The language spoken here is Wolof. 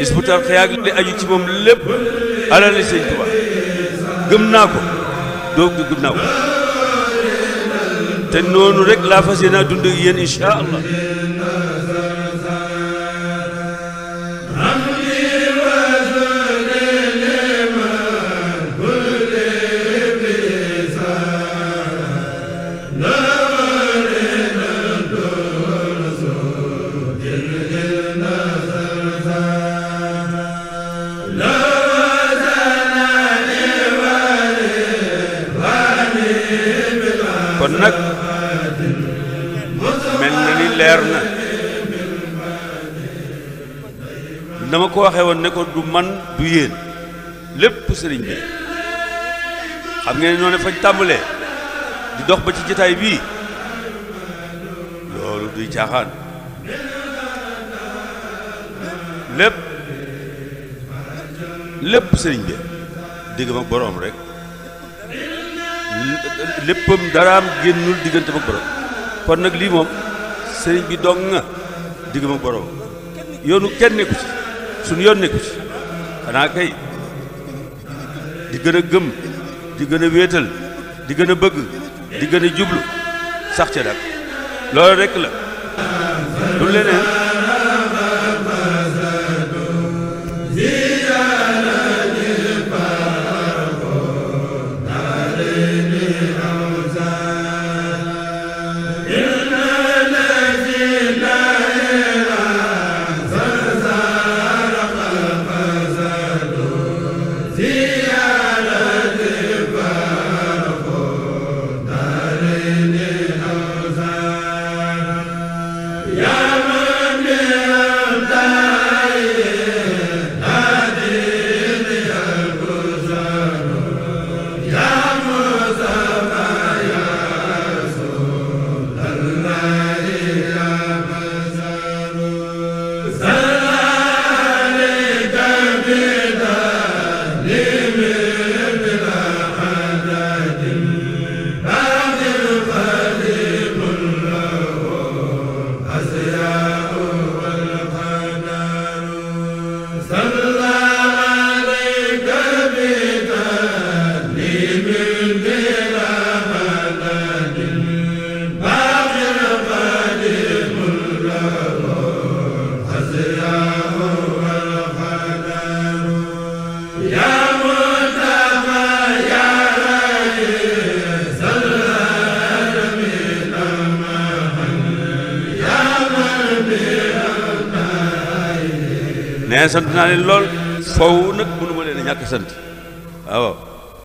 Hizbut Tarqiyyah li aju ci moom lépp alal la Sëñ Tuubaa naa ko doog gu naa ko te noonu rek laa fas yéene dund ak yéen kon nag mel na ni leer na dama ko waxe woon ne ko du man du yéen lépp sëriñ bi xam ngeen noonu fañ tàmbalee di dox ba ci jotaay bii loolu duy caaxaan lépp lépp sëriñ bi digg mag boroom rek léppam daraam génnul diggante mag boroom kon nag lii moom sëriñ bi dong nga digg mag boroom yoonu kenn nekku ci suñu yoon nekku ci xanaa kay di gën a gëm di gën a wéetal di gën a bëgg di gën a jublu sax ca nag loolu rekk la du leneen nee sant naa leen lool faw nag mënu ma leen ñàkk sant waaw